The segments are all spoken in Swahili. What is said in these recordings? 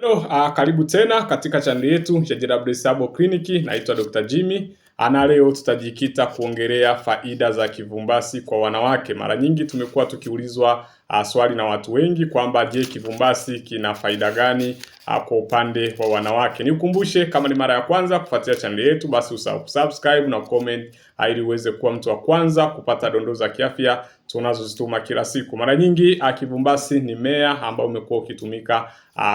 Hello, uh, karibu tena katika chaneli yetu ya JW Sabo Clinic. Naitwa Dr. Jimmy ana ah, leo tutajikita kuongelea faida za kivumbasi kwa wanawake. Mara nyingi tumekuwa tukiulizwa uh, swali na watu wengi kwamba je, kivumbasi kina faida gani ah, kwa upande wa wanawake. Nikukumbushe kama ni mara ya kwanza kufuatilia chaneli yetu, basi usahau kusubscribe na comment ah, ili uweze kuwa mtu wa kwanza kupata dondoo za kiafya tunazozituma kila siku. Mara nyingi kivumbasi ni mmea ambao umekuwa ukitumika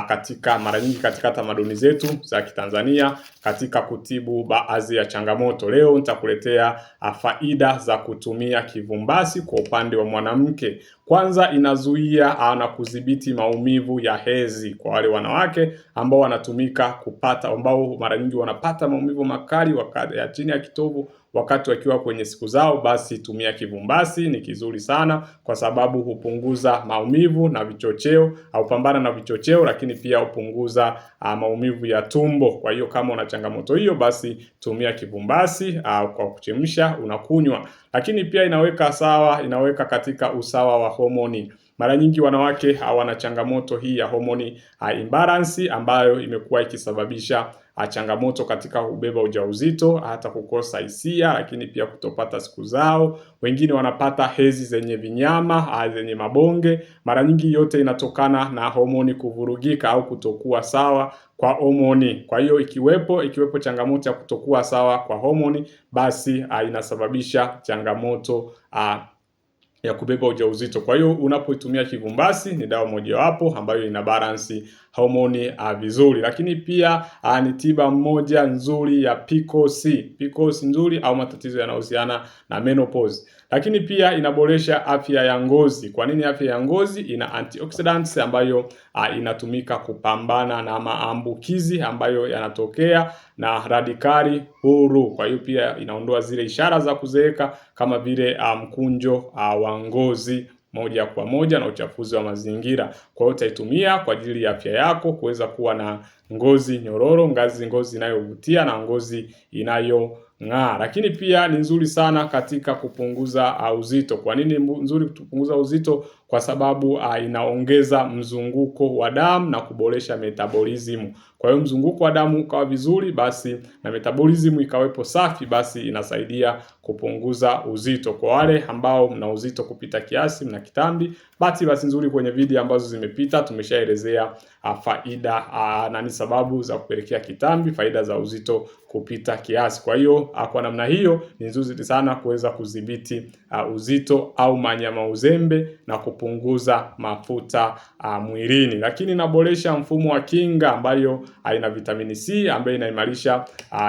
katika mara nyingi katika tamaduni zetu za Kitanzania katika kutibu baadhi ya changamoto. Leo nitakuletea faida za kutumia kivumbasi kwa upande wa mwanamke. Kwanza inazuia ah, na kudhibiti maumivu ya hedhi kwa wale wanawake ambao wanatumika kupata ambao mara nyingi wanapata maumivu makali wakati ya chini ya kitovu wakati wakiwa kwenye siku zao, basi tumia kivumbasi, ni kizuri sana kwa sababu hupunguza maumivu na vichocheo au pambana na vichocheo, lakini pia hupunguza uh, maumivu ya tumbo. Kwa hiyo kama una changamoto hiyo, basi tumia kivumbasi uh, kwa kuchemsha unakunywa, lakini pia inaweka sawa, inaweka katika usawa wa homoni. Mara nyingi wanawake hawana changamoto hii ya homoni uh, imbalance ambayo imekuwa ikisababisha Ah, changamoto katika kubeba ujauzito, hata kukosa hisia, lakini pia kutopata siku zao. Wengine wanapata hezi zenye vinyama, ah, zenye mabonge. Mara nyingi yote inatokana na homoni kuvurugika au kutokuwa sawa kwa homoni. Kwa hiyo ikiwepo ikiwepo changamoto ya kutokuwa sawa kwa homoni, basi ah, inasababisha changamoto ya kubeba ujauzito. Kwa hiyo unapoitumia kivumbasi ni dawa mojawapo ambayo ina balance homoni uh, vizuri, lakini pia uh, ni tiba moja nzuri ya PCOS, PCOS nzuri au matatizo yanayohusiana na menopause. Lakini pia inaboresha afya ya ngozi. Kwa nini afya ya ngozi? Ina antioxidants ambayo uh, inatumika kupambana na maambukizi ambayo yanatokea na radikali huru. Kwa hiyo pia inaondoa zile ishara za kuzeeka kama vile ah, mkunjo um, wa ngozi moja kwa moja na uchafuzi wa mazingira. Kwa hiyo utaitumia kwa ajili ya afya yako kuweza kuwa na ngozi nyororo, ngazi ngozi inayovutia na ngozi inayong'aa. Lakini pia ni nzuri sana katika kupunguza uh, uzito. Kwa nini nzuri kupunguza uzito? Kwa sababu uh, inaongeza mzunguko wa damu na kuboresha metabolism. Kwa hiyo mzunguko wa damu ukawa vizuri, basi na metabolism ikawepo safi, basi inasaidia kupunguza uzito. Kwa wale ambao mna uzito kupita kiasi, mna kitambi, basi basi nzuri kwenye video ambazo zimepita tumeshaelezea faida na ni sababu za kupelekea kitambi, faida za uzito kupita kiasi. Kwa hiyo kwa namna hiyo ni nzuri sana kuweza kudhibiti uzito au manyama uzembe na kupunguza mafuta mwilini. Lakini inaboresha mfumo wa kinga ambayo ina vitamini C ambayo inaimarisha,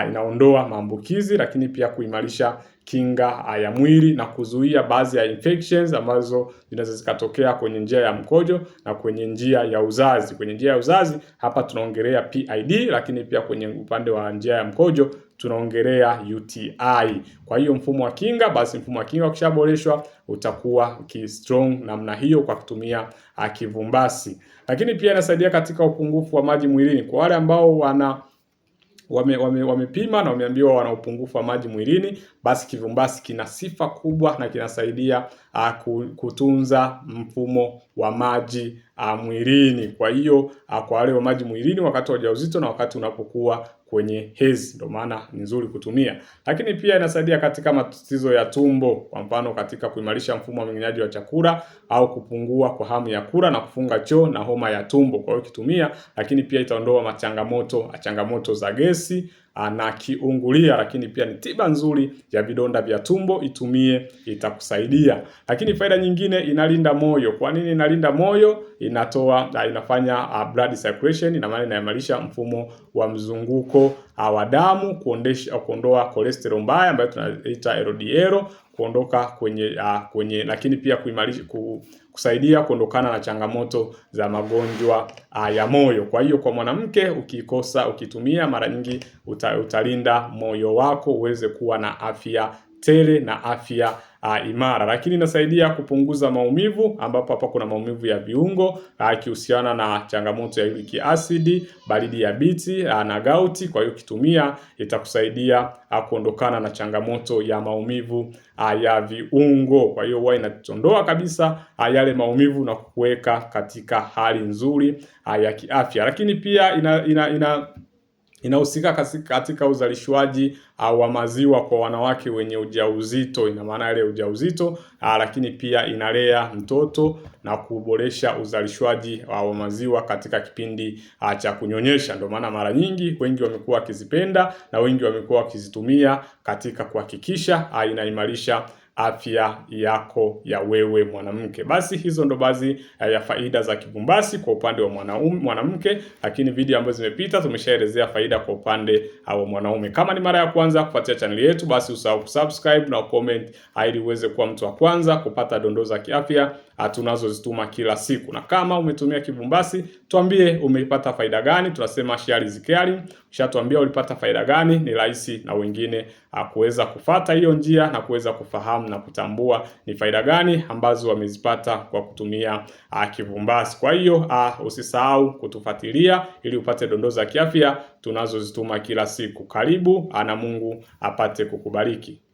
inaondoa maambukizi lakini pia kuimarisha kinga ah, ya mwili na kuzuia baadhi ya infections ambazo zinaweza zikatokea kwenye njia ya mkojo na kwenye njia ya uzazi. Kwenye njia ya uzazi hapa tunaongelea PID, lakini pia kwenye upande wa njia ya mkojo tunaongelea UTI. Kwa hiyo mfumo wa kinga, basi mfumo wa kinga ukishaboreshwa utakuwa ki strong namna hiyo kwa kutumia ah, kivumbasi, lakini pia inasaidia katika upungufu wa maji mwilini kwa wale ambao wana wame, wame, wamepima na wameambiwa wana upungufu wa maji mwilini, basi kivumbasi kina sifa kubwa na kinasaidia uh, kutunza mfumo wa maji uh, mwilini. Kwa hiyo uh, kwa wale wa maji mwilini wakati wa ujauzito na wakati unapokuwa kwenye hedhi, ndio maana ni nzuri kutumia. Lakini pia inasaidia katika matatizo ya tumbo, kwa mfano katika kuimarisha mfumo wa mmeng'enyaji wa chakula au kupungua kwa hamu ya kula na kufunga choo na homa ya tumbo. Kwa hiyo ukitumia, lakini pia itaondoa machangamoto changamoto za gesi na kiungulia, lakini pia ni tiba nzuri ya vidonda vya tumbo, itumie itakusaidia. Lakini faida nyingine, inalinda moyo. Kwa nini inalinda moyo? Inatoa inafanya uh, blood circulation, ina maana inaimarisha mfumo wa mzunguko uh, wa damu, kuondesha kuondoa cholesterol mbaya ambayo tunaita LDL kuondoka kwenye uh, kwenye lakini pia kuimarisha ku, kusaidia kuondokana na changamoto za magonjwa uh, ya moyo. Kwa hiyo kwa mwanamke ukikosa ukitumia mara nyingi uta, utalinda moyo wako uweze kuwa na afya tele na afya uh, imara. Lakini inasaidia kupunguza maumivu, ambapo hapa kuna maumivu ya viungo ah, ikihusiana uh, na changamoto ya uric acid, baridi ya biti uh, na gauti. Kwa hiyo ukitumia itakusaidia uh, kuondokana na changamoto ya maumivu uh, ya viungo. Kwa hiyo huwa inatondoa kabisa uh, yale maumivu na kuweka katika hali nzuri uh, ya kiafya, lakini pia ina, ina, ina inahusika katika uzalishwaji ah, wa maziwa kwa wanawake wenye ujauzito, ina maana ile ujauzito ah, lakini pia inalea mtoto na kuboresha uzalishwaji ah, wa maziwa katika kipindi cha kunyonyesha. Ndio maana mara nyingi wengi wamekuwa wakizipenda na wengi wamekuwa wakizitumia katika kuhakikisha inaimarisha afya yako ya wewe mwanamke. Basi hizo ndo baadhi eh, ya faida za kibumbasi kwa upande wa mwanaume mwanamke, lakini video ambazo zimepita tumeshaelezea faida kwa upande eh, wa mwanaume. Kama ni mara ya kwanza kufuatia channel yetu, basi usahau kusubscribe na comment ah, ili uweze kuwa mtu wa kwanza kupata dondoo za kiafya ah, tunazozituma kila siku. Na kama umetumia kibumbasi, tuambie umeipata faida gani. Tunasema share is caring. Ushatuambia ulipata faida gani, ni rahisi na wengine ah, kuweza kufata hiyo njia na kuweza kufahamu kufahamu na kutambua ni faida gani ambazo wamezipata kwa kutumia uh, ah, kivumbasi. Kwa hiyo uh, usisahau kutufuatilia ili upate dondoo za kiafya tunazozituma kila siku. Karibu ah, na Mungu apate kukubariki.